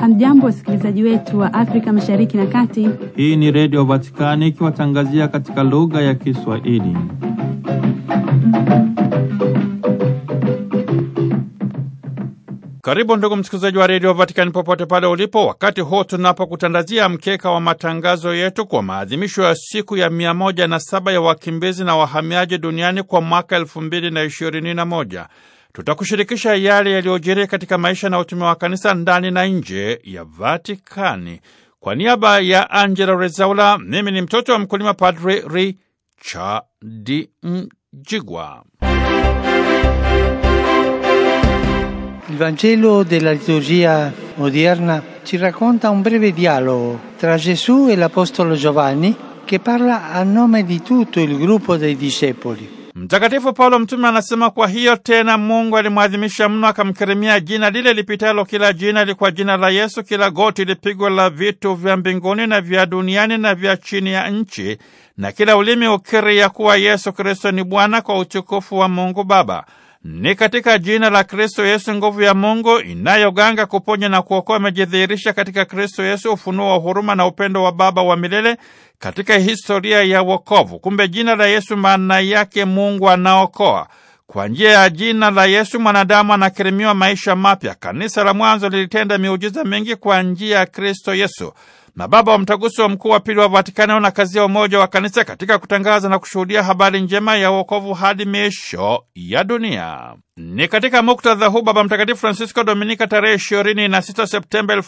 Hamjambo, wasikilizaji wetu wa Afrika Mashariki na Kati. Hii ni Redio Vatikani ikiwatangazia katika lugha ya Kiswahili. Karibu ndugu msikilizaji wa redio Vatikani popote pale ulipo, wakati huu tunapokutandazia mkeka wa matangazo yetu kwa maadhimisho ya siku ya 17 ya wakimbizi na wahamiaji duniani kwa mwaka 221 Tutakushirikisha yale yaliyojiri katika maisha na utume wa kanisa ndani na nje ya Vatikani. Kwa niaba ya Angela Rezaula, mimi ni mtoto wa mkulima Padre Richard Mjigwa. Il Vangelo della liturgia odierna ci racconta un breve dialogo tra Gesù e l'Apostolo Giovanni che parla a nome di tutto il gruppo dei discepoli. Mtakatifu Paulo mtume anasema, kwa hiyo tena Mungu alimwadhimisha mno, akamkirimia jina lile lipitalo kila jina, ili kwa jina la Yesu kila goti lipigwe, la vitu vya mbinguni na vya duniani na vya chini ya nchi, na kila ulimi ukiri ya kuwa Yesu Kristo ni Bwana, kwa utukufu wa Mungu Baba. Ni katika jina la Kristo Yesu nguvu ya Mungu inayoganga kuponya na kuokoa imejidhihirisha katika Kristo Yesu, ufunuo wa huruma na upendo wa Baba wa milele katika historia ya wokovu. Kumbe jina la Yesu maana yake Mungu anaokoa. Kwa njia ya jina la Yesu mwanadamu anakirimiwa maisha mapya. Kanisa la mwanzo lilitenda miujiza mingi kwa njia ya Kristo Yesu. Mababa wa Mtaguso Mkuu wa Pili wa Vatikani ya umoja wa kanisa katika kutangaza na kushuhudia habari njema ya uokovu hadi miisho ya dunia. Ni katika muktadha huu Baba Mtakatifu Francisco Dominika tarehe sita Septemba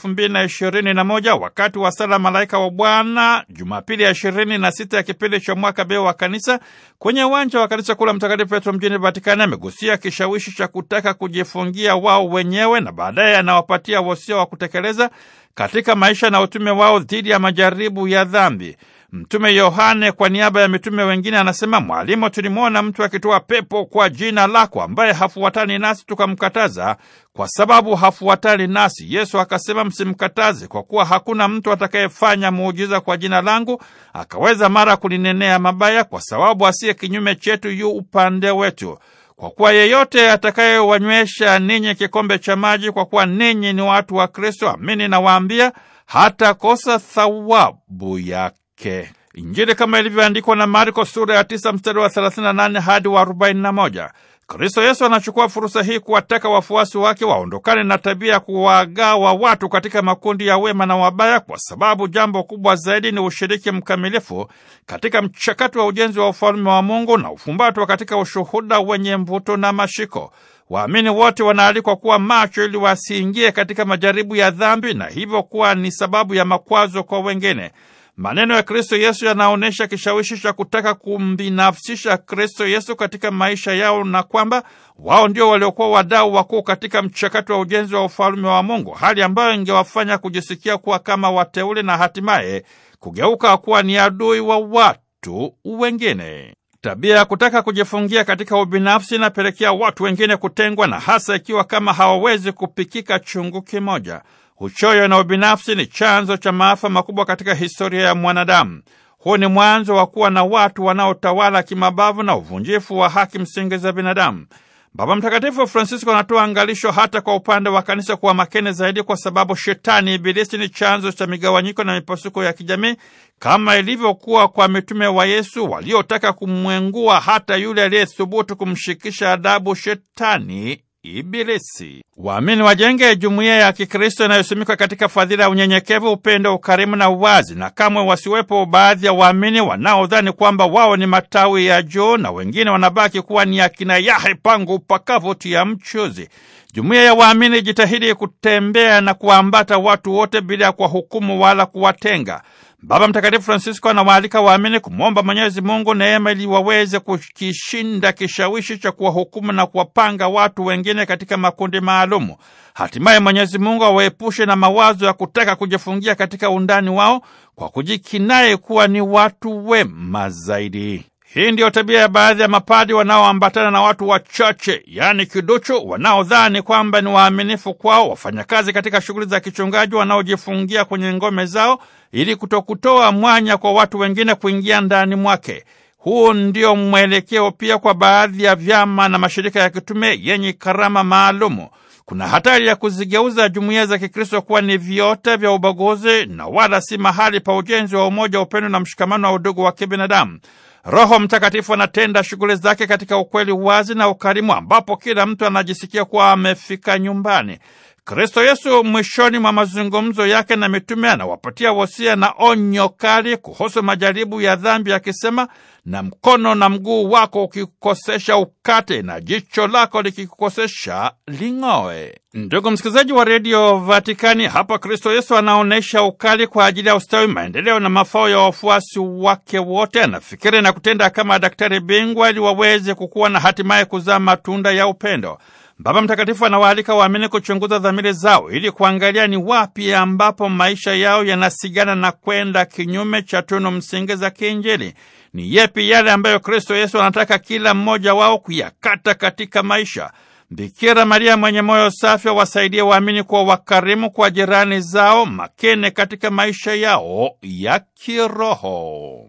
na moja wakati wa sala Malaika wa Bwana, Jumapili ya ishirini na sita ya kipindi cha mwaka beo wa kanisa, kwenye uwanja wa kanisa kuu la Mtakatifu Petro mjini Vatikani, amegusia kishawishi cha kutaka kujifungia wao wenyewe na baadaye anawapatia wosia wa kutekeleza katika maisha na utume wao dhidi ya majaribu ya dhambi. Mtume Yohane kwa niaba ya mitume wengine anasema, Mwalimu, tulimwona mtu akitoa pepo kwa jina lako, ambaye hafuatani nasi, tukamkataza kwa sababu hafuatani nasi. Yesu akasema, msimkataze, kwa kuwa hakuna mtu atakayefanya muujiza kwa jina langu akaweza mara kulinenea mabaya, kwa sababu asiye kinyume chetu yu upande wetu. Kwa kuwa yeyote atakayewanywesha ninyi kikombe cha maji, kwa kuwa ninyi ni watu wa Kristo, amini nawaambia, hatakosa thawabu yake. Injili kama ilivyoandikwa na Marko sura ya 9 mstari wa 38 hadi wa 41. Kristo Yesu anachukua fursa hii kuwataka wafuasi wake waondokane na tabia ya kuwagawa watu katika makundi ya wema na wabaya, kwa sababu jambo kubwa zaidi ni ushiriki mkamilifu katika mchakato wa ujenzi wa ufalme wa Mungu na ufumbatwa katika ushuhuda wenye mvuto na mashiko. Waamini wote wanaalikwa kuwa macho ili wasiingie katika majaribu ya dhambi na hivyo kuwa ni sababu ya makwazo kwa wengine. Maneno ya Kristo Yesu yanaonyesha kishawishi cha kutaka kumbinafsisha Kristo Yesu katika maisha yao na kwamba wao ndio waliokuwa wadau wakuu katika mchakato wa ujenzi wa ufalme wa Mungu, hali ambayo ingewafanya kujisikia kuwa kama wateule na hatimaye kugeuka kuwa ni adui wa watu wengine. Tabia ya kutaka kujifungia katika ubinafsi inapelekea watu wengine kutengwa na hasa ikiwa kama hawawezi kupikika chungu kimoja. Uchoyo na ubinafsi ni chanzo cha maafa makubwa katika historia ya mwanadamu. Huu ni mwanzo wa kuwa na watu wanaotawala kimabavu na uvunjifu wa haki msingi za binadamu. Baba Mtakatifu Francisco anatoa angalisho hata kwa upande wa kanisa kuwa makini zaidi, kwa sababu shetani ibilisi ni chanzo cha migawanyiko na mipasuko ya kijamii kama ilivyokuwa kwa mitume wa Yesu waliotaka kumwengua hata yule aliyethubutu kumshikisha adabu shetani Ibilisi. Waamini wajenge jumuiya ya Kikristo inayosimikwa katika fadhila ya unyenyekevu, upendo, ukarimu na uwazi, na kamwe wasiwepo baadhi ya waamini wanaodhani kwamba wao ni matawi ya juu na wengine wanabaki kuwa ni akina yahe pangu upakavu tia mchuzi. Jumuiya ya waamini jitahidi kutembea na kuwaambata watu wote bila ya kuwahukumu wala kuwatenga. Baba Mtakatifu Francisco anawaalika waamini kumwomba Mwenyezi Mungu neema ili waweze kukishinda kishawishi cha kuwahukumu na kuwapanga watu wengine katika makundi maalumu. Hatimaye Mwenyezi Mungu awaepushe na mawazo ya kutaka kujifungia katika undani wao kwa kujikinaye kuwa ni watu wema zaidi. Hii ndiyo tabia ya baadhi ya mapadi wanaoambatana na watu wachache, yaani kiduchu, wanaodhani kwamba ni waaminifu kwao, wafanyakazi katika shughuli za kichungaji wanaojifungia kwenye ngome zao ili kutokutoa mwanya kwa watu wengine kuingia ndani mwake. Huu ndio mwelekeo pia kwa baadhi ya vyama na mashirika ya kitume yenye karama maalumu. Kuna hatari ya kuzigeuza jumuiya za Kikristo kuwa ni viota vya ubaguzi na wala si mahali pa ujenzi wa umoja, upendo na mshikamano wa udugu wa kibinadamu. Roho Mtakatifu anatenda shughuli zake katika ukweli wazi na ukarimu, ambapo kila mtu anajisikia kuwa amefika nyumbani. Kristo Yesu mwishoni mwa mazungumzo yake na mitume anawapatia wosia na onyo kali kuhusu majaribu ya dhambi akisema, na mkono na mguu wako ukikukosesha ukate, na jicho lako likikukosesha ling'oe. Ndugu msikilizaji wa redio Vatikani, hapa Kristo Yesu anaonyesha ukali kwa ajili ya ustawi, maendeleo na mafao ya wafuasi wake wote. Anafikiri na kutenda kama daktari bingwa ili waweze kukuwa na hatimaye kuzaa matunda ya upendo. Baba Mtakatifu anawaalika waamini kuchunguza dhamiri zao ili kuangalia ni wapi ambapo maisha yao yanasigana na kwenda kinyume cha tunu msingi za kiinjili. Ni yepi yale ambayo Kristo Yesu anataka kila mmoja wao kuyakata katika maisha. Bikira Maria mwenye moyo safi wasaidie waamini kuwa wakarimu kwa jirani zao, makene katika maisha yao ya kiroho.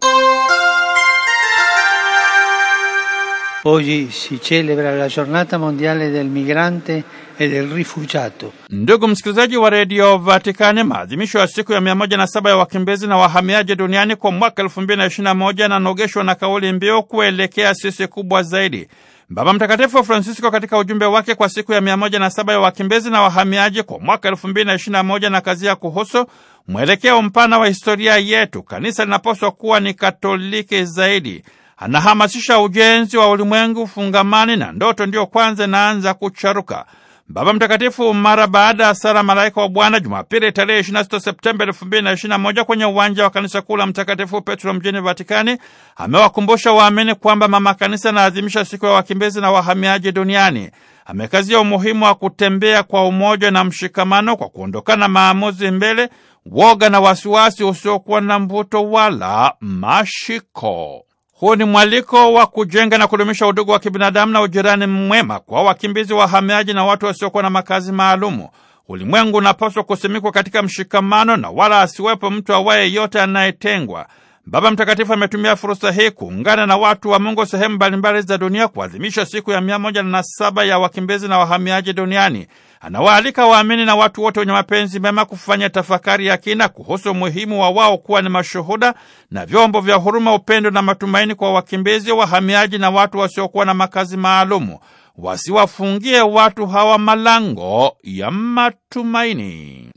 Oggi si celebra la giornata mondiale del migrante e del rifugiato. Ndugu msikilizaji wa redio Vatikani, maadhimisho ya siku ya 107 ya wakimbizi na wahamiaji duniani kwa mwaka 2021 yananogeshwa na kauli mbiu kuelekea sisi kubwa zaidi. Baba Mtakatifu Francisco katika ujumbe wake kwa siku ya 107 ya wakimbizi na wahamiaji kwa mwaka 2021 na kazi ya kuhusu mwelekeo mpana wa historia yetu, kanisa linapaswa kuwa ni katoliki zaidi anahamasisha ujenzi wa ulimwengu fungamani na ndoto ndiyo kwanza inaanza kucharuka. Baba Mtakatifu mara baada ya sala malaika wa Bwana Jumapili tarehe 26 Septemba 2021 kwenye uwanja wa kanisa kuu la Mtakatifu Petro mjini Vatikani amewakumbusha waamini kwamba mama kanisa anaadhimisha siku ya wakimbizi na wahamiaji duniani. Amekazia umuhimu wa kutembea kwa umoja na mshikamano kwa kuondokana maamuzi mbele, woga na wasiwasi usiokuwa na mvuto wala mashiko. Huu ni mwaliko wa kujenga na kudumisha udugu wa kibinadamu na ujirani mwema kwa wakimbizi, wahamiaji na watu wasiokuwa na makazi maalumu. Ulimwengu unapaswa kusimikwa katika mshikamano na wala asiwepo mtu awaye yote anayetengwa. Baba Mtakatifu ametumia fursa hii kuungana na watu wa Mungu sehemu mbalimbali za dunia kuadhimisha siku ya mia moja na saba ya wakimbizi na wahamiaji duniani. Anawaalika waamini na watu wote wenye mapenzi mema kufanya tafakari ya kina kuhusu umuhimu wa wao kuwa ni mashuhuda na vyombo vya huruma, upendo na matumaini kwa wakimbizi, wahamiaji na watu wasiokuwa na makazi maalumu. Wasiwafungie watu hawa malango ya matumaini.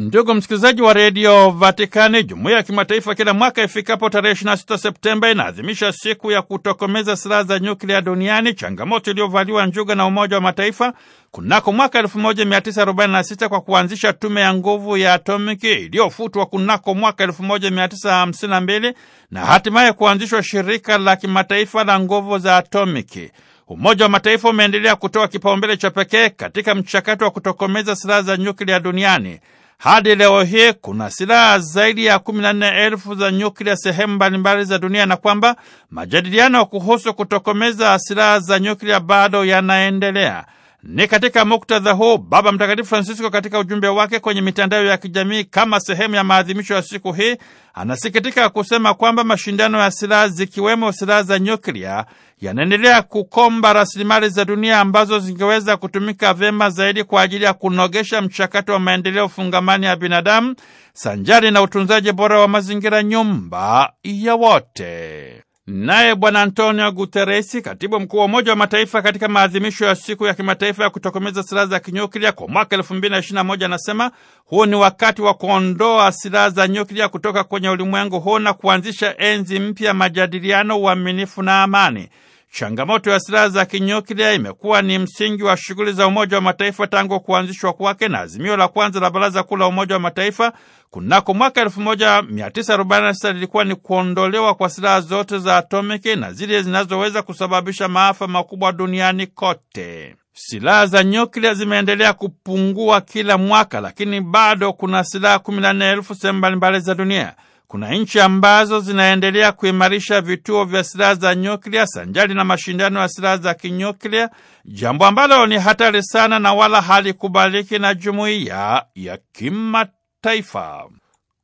Ndugu msikilizaji wa redio Vatikani, jumuiya ya kimataifa kila mwaka ifikapo tarehe 26 Septemba inaadhimisha siku ya kutokomeza silaha za nyuklia duniani, changamoto iliyovaliwa njuga na Umoja wa Mataifa kunako mwaka 1946 kwa kuanzisha tume ya nguvu ya atomiki iliyofutwa kunako mwaka 1952 na hatimaye kuanzishwa shirika la kimataifa la nguvu za atomiki. Umoja wa Mataifa umeendelea kutoa kipaumbele cha pekee katika mchakato wa kutokomeza silaha za nyuklia duniani. Hadi leo hii kuna silaha zaidi ya kumi na nne elfu za nyuklia sehemu mbalimbali za dunia na kwamba majadiliano kuhusu kutokomeza silaha za nyuklia bado yanaendelea. Ni katika muktadha huu Baba Mtakatifu Francisco katika ujumbe wake kwenye mitandao ya kijamii kama sehemu ya maadhimisho ya siku hii anasikitika kusema kwamba mashindano ya silaha zikiwemo silaha za nyuklia yanaendelea kukomba rasilimali za dunia ambazo zingeweza kutumika vyema zaidi kwa ajili ya kunogesha mchakato wa maendeleo fungamani ya binadamu sanjari na utunzaji bora wa mazingira, nyumba ya wote. Naye Bwana Antonio Guteresi, katibu mkuu wa Umoja wa Mataifa, katika maadhimisho ya siku ya kimataifa ya kutokomeza silaha za kinyuklia kwa mwaka elfu mbili na ishirini na moja anasema huu ni wakati wa kuondoa silaha za nyuklia kutoka kwenye ulimwengu huu na kuanzisha enzi mpya, majadiliano, uaminifu na amani. Changamoto ya silaha za kinyuklia imekuwa ni msingi wa shughuli za Umoja wa Mataifa tangu kuanzishwa kwake na azimio la kwanza la Baraza Kuu la Umoja wa Mataifa kunako mwaka 1946 lilikuwa ni kuondolewa kwa silaha zote za atomiki na zile zinazoweza kusababisha maafa makubwa duniani kote. Silaha za nyuklia zimeendelea kupungua kila mwaka, lakini bado kuna silaha 14,000 sehemu mbalimbali za dunia. Kuna nchi ambazo zinaendelea kuimarisha vituo vya silaha za nyuklia sanjari na mashindano ya silaha za kinyuklia, jambo ambalo ni hatari sana na wala halikubaliki na jumuiya ya kimataifa.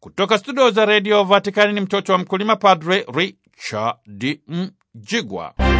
Kutoka studio za redio Vatikani ni mtoto wa mkulima, Padre Richard Mjigwa.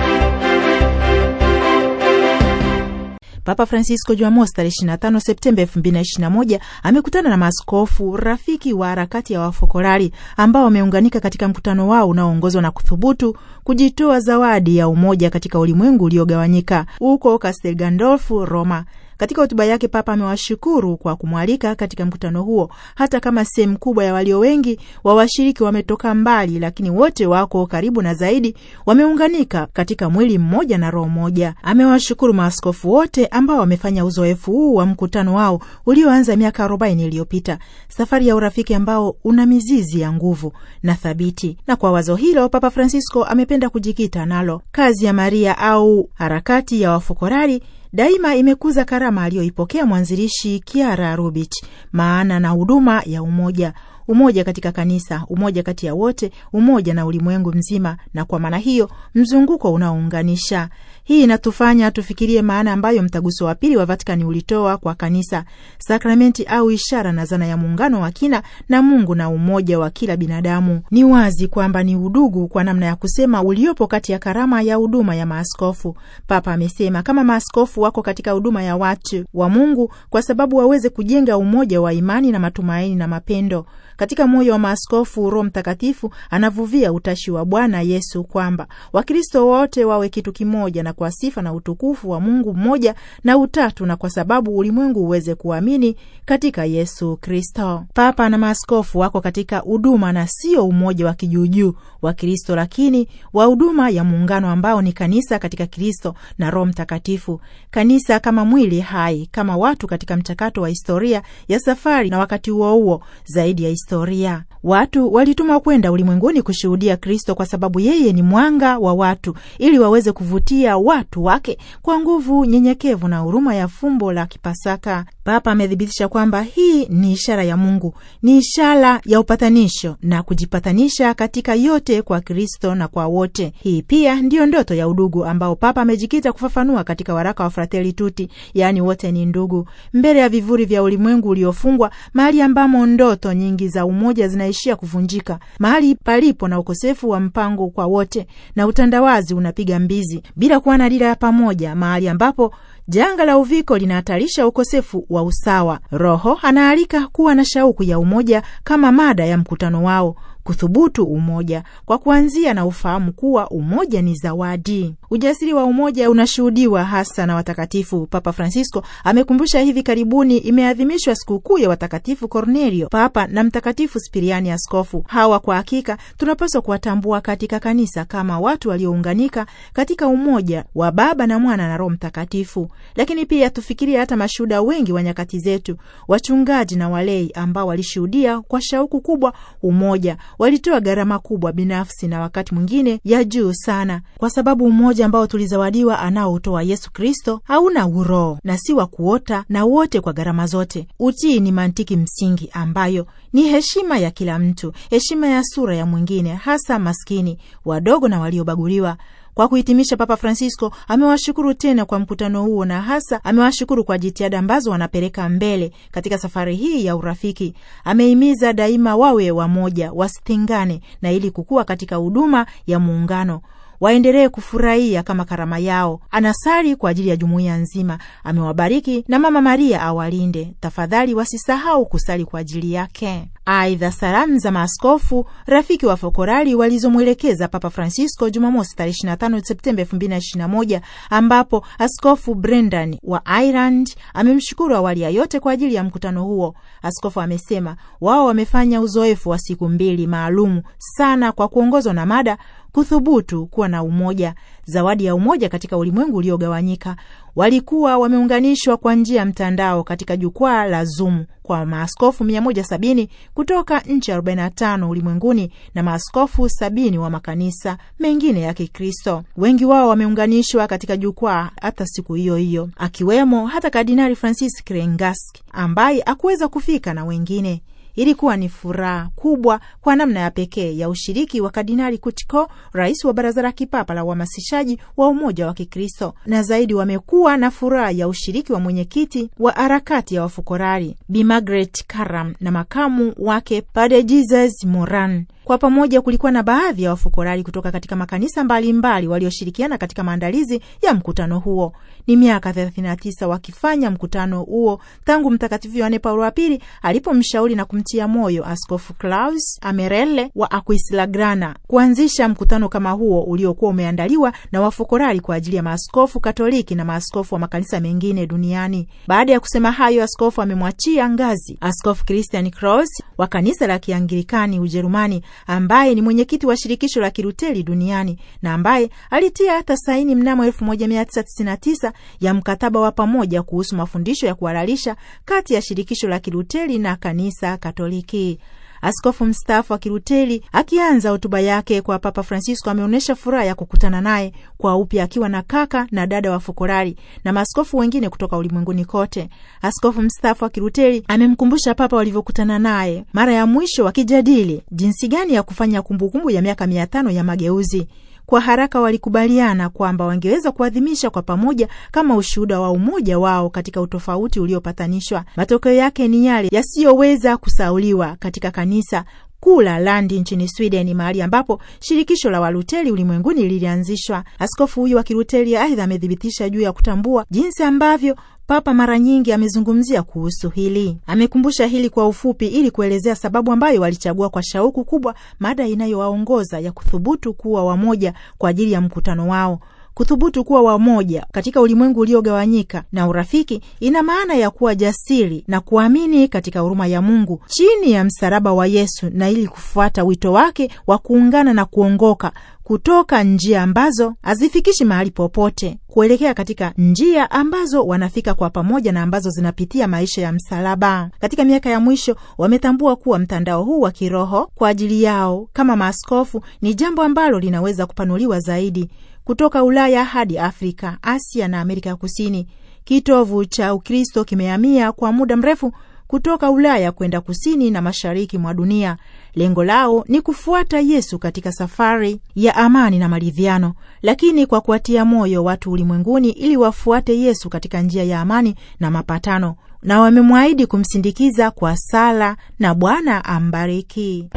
Papa Francisco Jumamosi tarehe 25 Septemba 2021 amekutana na maaskofu rafiki wa harakati ya wafokolari ambao wameunganika katika mkutano wao unaoongozwa na kuthubutu kujitoa zawadi ya umoja katika ulimwengu uliogawanyika huko Castel Gandolfo, Roma. Katika hotuba yake, Papa amewashukuru kwa kumwalika katika mkutano huo, hata kama sehemu kubwa ya walio wengi wa washiriki wametoka mbali, lakini wote wako karibu na zaidi wameunganika katika mwili mmoja na roho moja. Amewashukuru maaskofu wote ambao wamefanya uzoefu huu wa mkutano wao ulioanza miaka arobaini iliyopita, safari ya urafiki ambao una mizizi ya nguvu na thabiti. Na kwa wazo hilo, Papa Francisco amependa kujikita nalo kazi ya Maria au harakati ya wafokorari daima imekuza karama aliyoipokea mwanzilishi Kiara Rubich, maana na huduma ya umoja umoja katika kanisa, umoja kati ya wote, umoja na ulimwengu mzima, na kwa maana hiyo mzunguko unaounganisha hii inatufanya tufikirie maana ambayo mtaguso wa pili wa Vatikani ulitoa kwa kanisa, sakramenti au ishara na zana ya muungano wa kina na Mungu na umoja wa kila binadamu. Ni wazi kwamba ni udugu, kwa namna ya kusema, uliopo kati ya karama ya huduma ya maaskofu. Papa amesema kama maaskofu wako katika huduma ya watu wa Mungu kwa sababu waweze kujenga umoja wa imani na matumaini na mapendo. Katika moyo wa maaskofu, Roho Mtakatifu anavuvia utashi wa Bwana Yesu kwamba Wakristo wote wawe kitu kimoja na kwa sifa na utukufu wa Mungu mmoja na utatu, na kwa sababu ulimwengu uweze kuamini katika Yesu Kristo. Papa na maaskofu wako katika huduma na sio umoja wa kijuujuu wa Kristo, lakini wa huduma ya muungano ambao ni kanisa katika Kristo na Roho Mtakatifu, kanisa kama mwili hai, kama watu katika mchakato wa historia ya safari, na wakati huo huo zaidi ya historia, watu walitumwa kwenda ulimwenguni kushuhudia Kristo kwa sababu yeye ni mwanga wa watu, ili waweze kuvutia watu wake kwa nguvu nyenyekevu na huruma ya fumbo la Kipasaka. Papa amethibitisha kwamba hii ni ishara ya Mungu, ni ishara ya upatanisho na kujipatanisha katika yote kwa Kristo na kwa wote. Hii pia ndiyo ndoto ya udugu ambao Papa amejikita kufafanua katika waraka wa Fratelli Tutti, yaani wote ni ndugu, mbele ya vivuli vya ulimwengu uliofungwa, mahali ambamo ndoto nyingi za umoja zinaishia kuvunjika, mahali palipo na ukosefu wa mpango kwa wote na utandawazi unapiga mbizi bila kuwa na dira ya pamoja, mahali ambapo Janga la uviko linahatarisha ukosefu wa usawa. Roho anaalika kuwa na shauku ya umoja kama mada ya mkutano wao kuthubutu umoja kwa kuanzia na ufahamu kuwa umoja ni zawadi. Ujasiri wa umoja unashuhudiwa hasa na watakatifu. Papa Francisco amekumbusha hivi karibuni imeadhimishwa sikukuu ya watakatifu cornelio papa na mtakatifu Spiriani askofu. Hawa kwa hakika tunapaswa kuwatambua katika kanisa kama watu waliounganika katika umoja wa Baba na Mwana na Roho Mtakatifu, lakini pia tufikirie hata mashuhuda wengi wa nyakati zetu, wachungaji na walei ambao walishuhudia kwa shauku kubwa umoja walitoa gharama kubwa binafsi na wakati mwingine ya juu sana, kwa sababu umoja ambao tulizawadiwa anaoutoa Yesu Kristo hauna uroho na si wa kuota na wote kwa gharama zote. Utii ni mantiki msingi ambayo ni heshima ya kila mtu, heshima ya sura ya mwingine, hasa maskini, wadogo na waliobaguliwa kwa kuhitimisha, Papa Francisco amewashukuru tena kwa mkutano huo na hasa amewashukuru kwa jitihada ambazo wanapeleka mbele katika safari hii ya urafiki. Amehimiza daima wawe wamoja, wasitengane, na ili kukua katika huduma ya muungano waendelee kufurahia kama karama yao. Anasali kwa ajili ya jumuiya nzima. Amewabariki na Mama Maria awalinde. Tafadhali wasisahau kusali kwa ajili yake. Aidha, salamu za maaskofu rafiki wa Fokorali walizomwelekeza Papa Francisco Jumamosi tarehe 25 Septemba 2021 ambapo Askofu Brendan wa Ireland amemshukuru awali ya yote kwa ajili ya mkutano huo. Askofu amesema wao wamefanya uzoefu wa siku mbili maalumu sana kwa kuongozwa na mada kuthubutu kuwa na umoja, zawadi ya umoja katika ulimwengu uliogawanyika walikuwa wameunganishwa kwa njia ya mtandao katika jukwaa la Zoom kwa maaskofu 170 kutoka nchi 45 ulimwenguni na maaskofu 70 wa makanisa mengine ya Kikristo. Wengi wao wameunganishwa katika jukwaa hata siku hiyo hiyo, akiwemo hata Kardinali Francis krengask ambaye hakuweza kufika na wengine. Ilikuwa ni furaha kubwa kwa namna ya pekee ya ushiriki wa Kardinali Kutiko, rais wa Baraza la Kipapa la Uhamasishaji wa Umoja wa Kikristo, na zaidi wamekuwa na furaha ya ushiriki wa mwenyekiti wa harakati ya wafukorari Bi Margaret Karam na makamu wake Padre Jesus Moran. Kwa pamoja kulikuwa na baadhi ya wafukorari kutoka katika makanisa mbalimbali walioshirikiana katika maandalizi ya mkutano huo. Ni miaka 39 wakifanya mkutano huo tangu Mtakatifu Yohane Paulo wa Pili alipomshauri na kum kumtia moyo Askofu Klaus Amerelle wa grana kuanzisha mkutano kama huo uliokuwa umeandaliwa na wafokorali kwa ajili ya maaskofu Katoliki na maaskofu wa makanisa mengine duniani. Baada ya kusema hayo, askofu amemwachia ngazi Askofu Christian Cross wa kanisa la Kianglikani Ujerumani, ambaye ni mwenyekiti wa shirikisho la kiruteli duniani na ambaye alitia hata saini mnamo 1999 ya mkataba wa pamoja kuhusu mafundisho ya kuhalalisha kati ya shirikisho la Kiruteli na kanisa Katoliki. Katoliki. Askofu mstaafu wa Kiruteli akianza hotuba yake kwa Papa Francisco ameonyesha furaha ya kukutana naye kwa upya akiwa na kaka na dada wa Fokolari na maaskofu wengine kutoka ulimwenguni kote. Askofu mstaafu wa Kiruteli amemkumbusha Papa walivyokutana naye mara ya mwisho wakijadili jinsi gani ya kufanya kumbukumbu ya miaka mia tano ya mageuzi. Kwa haraka walikubaliana kwamba wangeweza kuadhimisha kwa pamoja kama ushuhuda wa umoja wao katika utofauti uliopatanishwa. Matokeo yake ni yale yasiyoweza kusauliwa katika kanisa kula Landi nchini Sweden, mahali ambapo shirikisho la Waluteri ulimwenguni lilianzishwa. Askofu huyu wa Kiluteri aidha amethibitisha juu ya kutambua jinsi ambavyo Papa mara nyingi amezungumzia kuhusu hili. Amekumbusha hili kwa ufupi ili kuelezea sababu ambayo walichagua kwa shauku kubwa mada inayowaongoza ya kuthubutu kuwa wamoja kwa ajili ya mkutano wao Kuthubutu kuwa wamoja katika ulimwengu uliogawanyika na urafiki ina maana ya kuwa jasiri na kuamini katika huruma ya Mungu chini ya msalaba wa Yesu, na ili kufuata wito wake wa kuungana na kuongoka kutoka njia ambazo hazifikishi mahali popote kuelekea katika njia ambazo wanafika kwa pamoja na ambazo zinapitia maisha ya msalaba. Katika miaka ya mwisho, wametambua kuwa mtandao huu wa kiroho kwa ajili yao kama maaskofu ni jambo ambalo linaweza kupanuliwa zaidi kutoka Ulaya hadi Afrika, Asia na Amerika ya Kusini. Kitovu cha Ukristo kimehamia kwa muda mrefu kutoka Ulaya kwenda kusini na mashariki mwa dunia. Lengo lao ni kufuata Yesu katika safari ya amani na maridhiano, lakini kwa kuwatia moyo watu ulimwenguni ili wafuate Yesu katika njia ya amani na mapatano, na wamemwahidi kumsindikiza kwa sala na Bwana ambariki.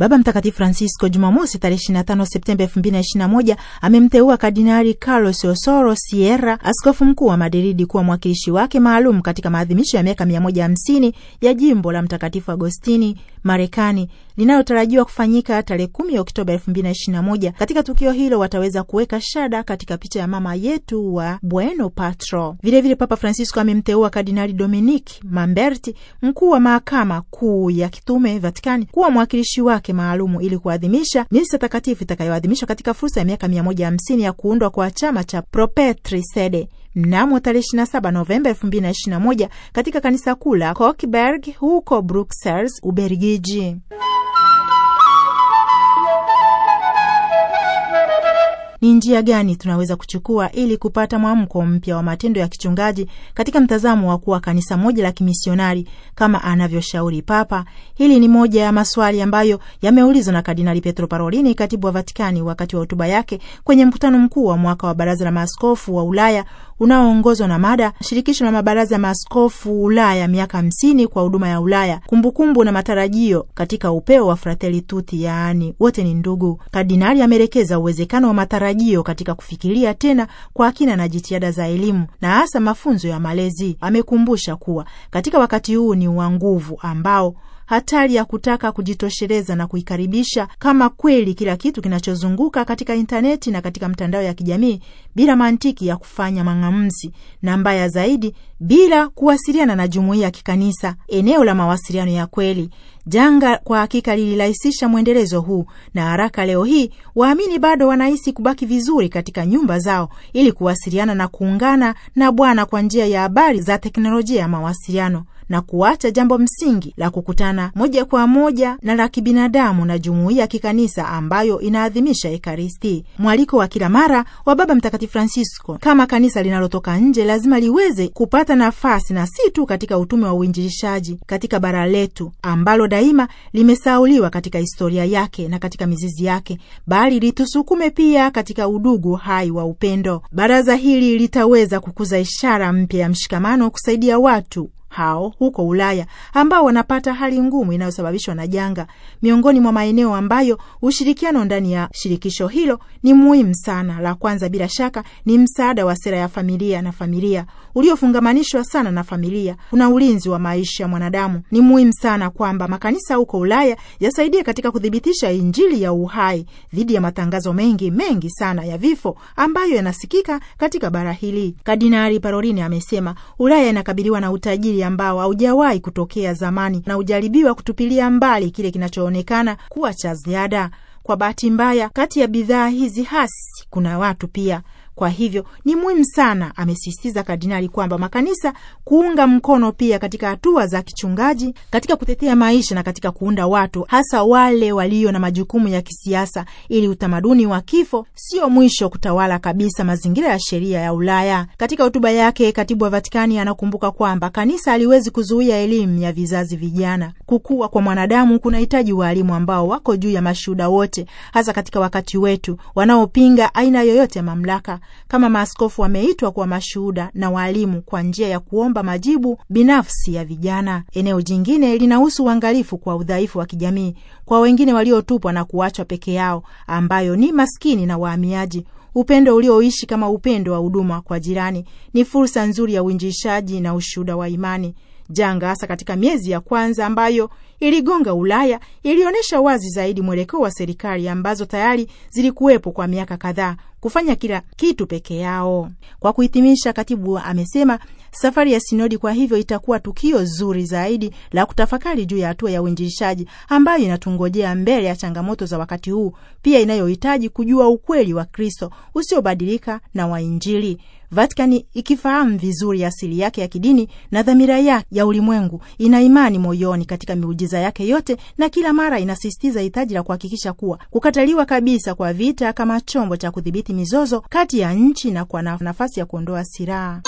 Baba Mtakatifu Francisco Jumamosi tarehe 25 Septemba 2021 amemteua Kardinali Carlos Osoro Sierra, askofu mkuu wa Madridi, kuwa mwakilishi wake maalum katika maadhimisho ya miaka 150 ya jimbo la Mtakatifu Agostini Marekani linalotarajiwa kufanyika tarehe kumi Oktoba elfu mbili na ishirini na moja. Katika tukio hilo wataweza kuweka shada katika picha ya mama yetu wa Bueno Patro. Vilevile Papa Francisco amemteua Kardinali Dominic Mamberti, mkuu wa mahakama kuu ya kitume Vatikani, kuwa mwakilishi wake maalumu ili kuadhimisha misa takatifu itakayoadhimishwa katika fursa ya miaka mia moja hamsini ya kuundwa kwa chama cha Propetri Sede mnamo tarehe 27 Novemba 2021 katika kanisa kuu la huko Bruxelles, Ubelgiji. ni njia gani tunaweza kuchukua ili kupata mwamko mpya wa matendo ya kichungaji katika mtazamo wa kuwa kanisa moja la kimisionari kama anavyoshauri Papa. Hili ni moja ya maswali ambayo yameulizwa na Kardinali Petro Parolini, katibu wa Vatikani, wakati wa hotuba yake kwenye mkutano mkuu wa mwaka wa Baraza la Maaskofu wa Ulaya unaoongozwa na mada shirikisho la mabaraza ya maaskofu Ulaya miaka hamsini kwa huduma ya Ulaya, kumbukumbu kumbu na matarajio katika upeo wa Fratelli Tutti, yaani wote ni ndugu. Kardinali amerekeza uwezekano wa matarajio matarajio katika kufikiria tena kwa akina na jitihada za elimu na hasa mafunzo ya malezi. Amekumbusha kuwa katika wakati huu ni wa nguvu ambao hatari ya kutaka kujitosheleza na kuikaribisha kama kweli kila kitu kinachozunguka katika intaneti na katika mtandao ya kijamii bila mantiki ya kufanya mang'amuzi, na mbaya zaidi, bila kuwasiliana na jumuiya ya kikanisa, eneo la mawasiliano ya kweli Janga kwa hakika lilirahisisha mwendelezo huu, na haraka leo hii waamini bado wanahisi kubaki vizuri katika nyumba zao ili kuwasiliana na kuungana na Bwana kwa njia ya habari za teknolojia ya mawasiliano na kuacha jambo msingi la kukutana moja kwa moja na la kibinadamu na jumuiya ya kikanisa ambayo inaadhimisha Ekaristi. Mwaliko wa kila mara wa Baba Mtakatifu Francisco kama kanisa linalotoka nje lazima liweze kupata nafasi na, na si tu katika utume wa uinjilishaji katika bara letu ambalo daima limesauliwa katika historia yake na katika mizizi yake, bali litusukume pia katika udugu hai wa upendo. Baraza hili litaweza kukuza ishara mpya ya mshikamano kusaidia watu hao huko Ulaya ambao wanapata hali ngumu inayosababishwa na janga, miongoni mwa maeneo ambayo ushirikiano ndani ya shirikisho hilo ni muhimu sana. La kwanza bila shaka ni msaada wa sera ya familia na familia uliofungamanishwa sana na familia. Kuna ulinzi wa maisha ya mwanadamu. Ni muhimu sana kwamba makanisa huko Ulaya yasaidie katika kuthibitisha Injili ya uhai dhidi ya matangazo mengi mengi sana ya vifo ambayo yanasikika katika bara hili. Kardinali Parolini amesema Ulaya inakabiliwa na utajiri ambao haujawahi kutokea zamani na ujaribiwa kutupilia mbali kile kinachoonekana kuwa cha ziada. Kwa bahati mbaya, kati ya bidhaa hizi hasi kuna watu pia kwa hivyo ni muhimu sana, amesisitiza kardinali, kwamba makanisa kuunga mkono pia katika hatua za kichungaji, katika kutetea maisha na katika kuunda watu, hasa wale walio na majukumu ya kisiasa, ili utamaduni wa kifo sio mwisho kutawala kabisa mazingira ya sheria ya Ulaya. Katika hotuba yake, katibu wa Vatikani anakumbuka kwamba kanisa haliwezi kuzuia elimu ya vizazi vijana. Kukua kwa mwanadamu kunahitaji waalimu ambao wako juu ya mashuhuda wote, hasa katika wakati wetu, wanaopinga aina yoyote ya mamlaka kama maaskofu wameitwa kuwa mashuhuda na waalimu kwa njia ya kuomba majibu binafsi ya vijana. Eneo jingine linahusu uangalifu kwa udhaifu wa kijamii kwa wengine waliotupwa na kuachwa peke yao, ambayo ni maskini na wahamiaji. Upendo ulioishi kama upendo wa huduma kwa jirani ni fursa nzuri ya uinjishaji na ushuhuda wa imani. Janga hasa katika miezi ya kwanza ambayo iligonga Ulaya ilionyesha wazi zaidi mwelekeo wa serikali ambazo tayari zilikuwepo kwa miaka kadhaa kufanya kila kitu peke yao. Kwa kuhitimisha, katibu amesema safari ya sinodi kwa hivyo itakuwa tukio zuri zaidi la kutafakari juu ya hatua ya uinjilishaji ambayo inatungojea mbele ya changamoto za wakati huu, pia inayohitaji kujua ukweli wa Kristo usiobadilika na wa Injili Vatikani ikifahamu vizuri asili yake ya kidini na dhamira yake ya ulimwengu, ina imani moyoni katika miujiza yake yote, na kila mara inasisitiza hitaji la kuhakikisha kuwa kukataliwa kabisa kwa vita kama chombo cha kudhibiti mizozo kati ya nchi na kwa nafasi ya kuondoa silaha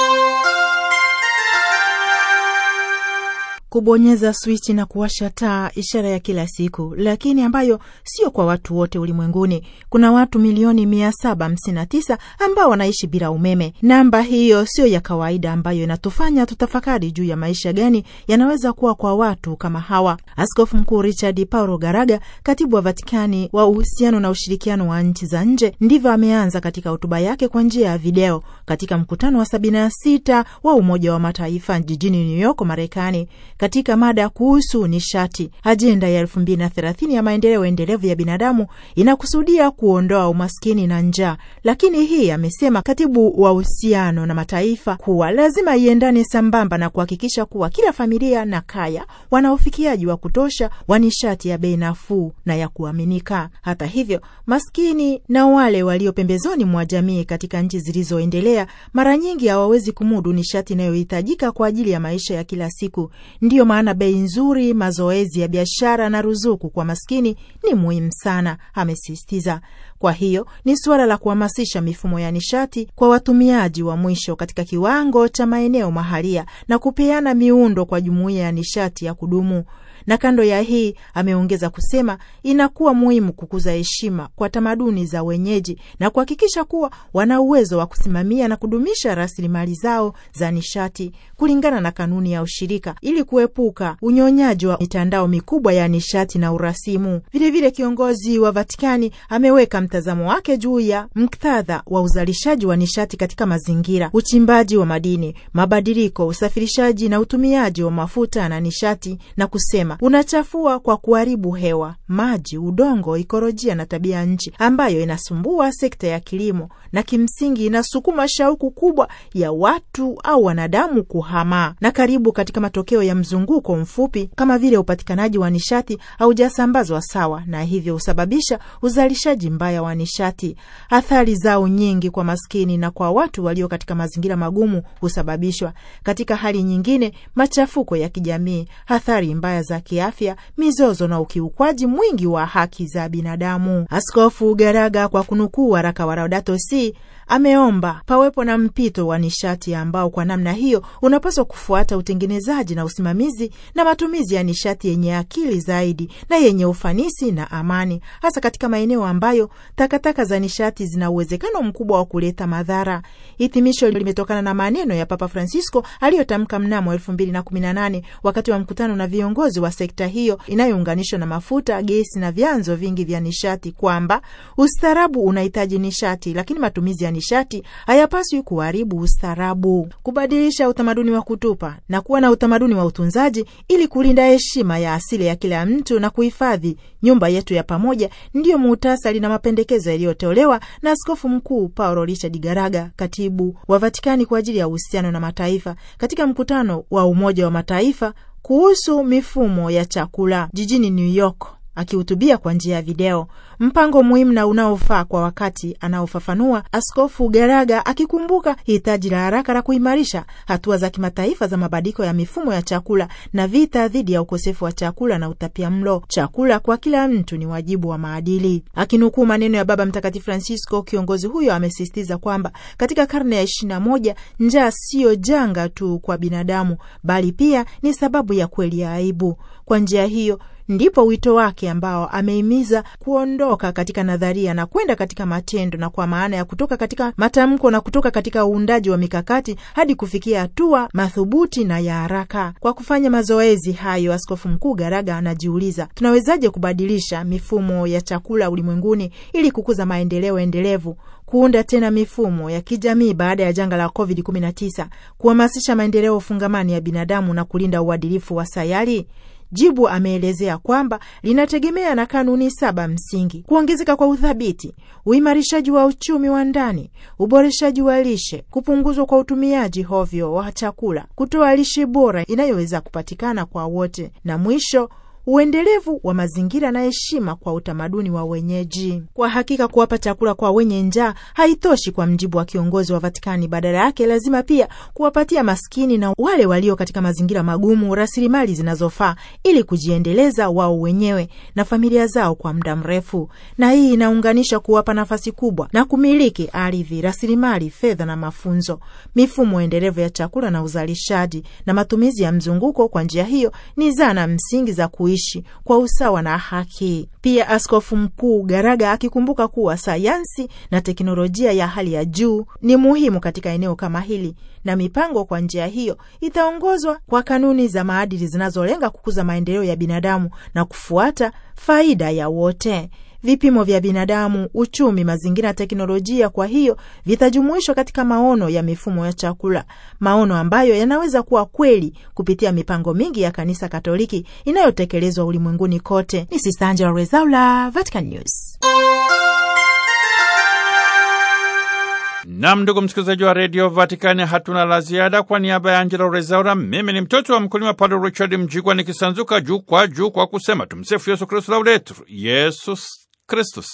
kubonyeza swichi na kuwasha taa, ishara ya kila siku, lakini ambayo sio kwa watu wote ulimwenguni. Kuna watu milioni 759 ambao wanaishi bila umeme. Namba hiyo sio ya kawaida, ambayo inatufanya tutafakari juu ya maisha gani yanaweza kuwa kwa watu kama hawa. Askofu Mkuu Richard Paulo Garaga, katibu wa Vatikani wa uhusiano na ushirikiano wa nchi za nje, ndivyo ameanza katika hotuba yake kwa njia ya video katika mkutano wa 76 wa Umoja wa Mataifa jijini New York, Marekani katika mada kuhusu nishati. Ajenda ya elfu mbili na thelathini ya maendeleo endelevu ya binadamu inakusudia kuondoa umaskini na njaa, lakini hii, amesema katibu wa uhusiano na mataifa, kuwa lazima iendane sambamba na kuhakikisha kuwa kila familia na kaya wana ufikiaji wa kutosha wa nishati ya bei nafuu na ya kuaminika. Hata hivyo, maskini na wale walio pembezoni mwa jamii katika nchi zilizoendelea mara nyingi hawawezi kumudu nishati inayohitajika kwa ajili ya maisha ya kila siku. Ndiyo maana bei nzuri, mazoezi ya biashara na ruzuku kwa maskini ni muhimu sana, amesisitiza. Kwa hiyo ni suala la kuhamasisha mifumo ya nishati kwa watumiaji wa mwisho katika kiwango cha maeneo mahalia na kupeana miundo kwa jumuiya ya nishati ya kudumu na kando ya hii, ameongeza kusema inakuwa muhimu kukuza heshima kwa tamaduni za wenyeji na kuhakikisha kuwa wana uwezo wa kusimamia na kudumisha rasilimali zao za nishati kulingana na kanuni ya ushirika ili kuepuka unyonyaji wa mitandao mikubwa ya nishati na urasimu. Vilevile, kiongozi wa Vatikani ameweka mtazamo wake juu ya mktadha wa uzalishaji wa nishati katika mazingira, uchimbaji wa madini, mabadiliko, usafirishaji na utumiaji wa mafuta na nishati na kusema kusema unachafua kwa kuharibu hewa, maji, udongo, ikolojia na tabia nchi, ambayo inasumbua sekta ya kilimo na kimsingi inasukuma shauku kubwa ya watu au wanadamu kuhamaa na karibu katika matokeo ya mzunguko mfupi, kama vile upatikanaji wa nishati haujasambazwa sawa, na hivyo husababisha uzalishaji mbaya wa nishati. Athari zao nyingi kwa maskini na kwa watu walio katika mazingira magumu husababishwa katika hali nyingine, machafuko ya kijamii, athari mbaya za kiafya, mizozo na ukiukwaji mwingi wa haki za binadamu. Askofu Garaga, kwa kunukuu waraka wa Laudato Si, ameomba pawepo na mpito wa nishati ambao kwa namna hiyo unapaswa kufuata utengenezaji na usimamizi na matumizi ya nishati yenye akili zaidi na yenye ufanisi na amani, hasa katika maeneo ambayo takataka za nishati zina uwezekano mkubwa wa kuleta madhara. Hitimisho limetokana na maneno ya Papa Francisco aliyotamka mnamo 218 wakati wa mkutano na viongozi wa sekta hiyo inayounganishwa na mafuta, gesi na vyanzo vingi vya nishati kwamba ustaarabu unahitaji nishati, lakini matumizi ya nishati hayapaswi kuharibu ustaarabu. Kubadilisha utamaduni wa kutupa na kuwa na utamaduni wa utunzaji ili kulinda heshima ya asili ya kila mtu na kuhifadhi nyumba yetu ya pamoja, ndiyo muhtasari na mapendekezo yaliyotolewa na Askofu Mkuu Paulo Richard Garaga, katibu wa Vatikani kwa ajili ya uhusiano na mataifa katika mkutano wa Umoja wa Mataifa kuhusu mifumo ya chakula jijini New York akihutubia kwa njia ya video, mpango muhimu na unaofaa kwa wakati, anaofafanua Askofu Garaga akikumbuka hitaji la haraka la kuimarisha hatua za kimataifa za mabadiliko ya mifumo ya chakula na vita dhidi ya ukosefu wa chakula na utapia mlo. Chakula kwa kila mtu ni wajibu wa maadili. Akinukuu maneno ya Baba Mtakatifu Francisco, kiongozi huyo amesisitiza kwamba katika karne ya ishirini na moja njaa siyo janga tu kwa binadamu, bali pia ni sababu ya kweli ya aibu. Kwa njia hiyo Ndipo wito wake ambao amehimiza kuondoka katika nadharia na kwenda katika matendo, na kwa maana ya kutoka katika matamko na kutoka katika uundaji wa mikakati hadi kufikia hatua mathubuti na ya haraka. Kwa kufanya mazoezi hayo, Askofu Mkuu Garaga anajiuliza tunawezaje kubadilisha mifumo ya chakula ulimwenguni ili kukuza maendeleo endelevu, kuunda tena mifumo ya kijamii baada ya janga la COVID-19, kuhamasisha maendeleo fungamani ya binadamu na kulinda uadilifu wa sayari. Jibu ameelezea kwamba linategemea na kanuni saba msingi: kuongezeka kwa uthabiti, uimarishaji wa uchumi wa ndani, uboreshaji wa lishe, kupunguzwa kwa utumiaji hovyo wa chakula, kutoa lishe bora inayoweza kupatikana kwa wote, na mwisho uendelevu wa mazingira na heshima kwa utamaduni wa wenyeji. Kwa hakika kuwapa chakula kwa wenye njaa haitoshi kwa mjibu wa kiongozi wa Vatikani. Badala yake lazima pia kuwapatia maskini na wale walio katika mazingira magumu rasilimali zinazofaa ili kujiendeleza wao wenyewe na familia zao kwa muda mrefu, na hii inaunganisha kuwapa nafasi kubwa na kumiliki ardhi, rasilimali, fedha na mafunzo, mifumo endelevu ya chakula na uzalishaji na matumizi ya mzunguko. Kwa njia hiyo ni zana msingi za ku kuishi kwa usawa na haki. Pia Askofu Mkuu Garaga akikumbuka kuwa sayansi na teknolojia ya hali ya juu ni muhimu katika eneo kama hili, na mipango kwa njia hiyo itaongozwa kwa kanuni za maadili zinazolenga kukuza maendeleo ya binadamu na kufuata faida ya wote vipimo vya binadamu, uchumi, mazingira na teknolojia, kwa hiyo vitajumuishwa katika maono ya mifumo ya chakula, maono ambayo yanaweza kuwa kweli kupitia mipango mingi ya Kanisa Katoliki inayotekelezwa ulimwenguni kote. Ni Sista Angela Vatican News. Nam, ndugu msikilizaji wa redio Vatikani, hatuna la ziada. Kwa niaba ya Angela Rezaura, mimi ni mtoto wa mkulima Padre Richard Mjigwa nikisanzuka juu kwa juu kwa kusema tumsifu Yesu Kristu, laudetur Yesus Kristus.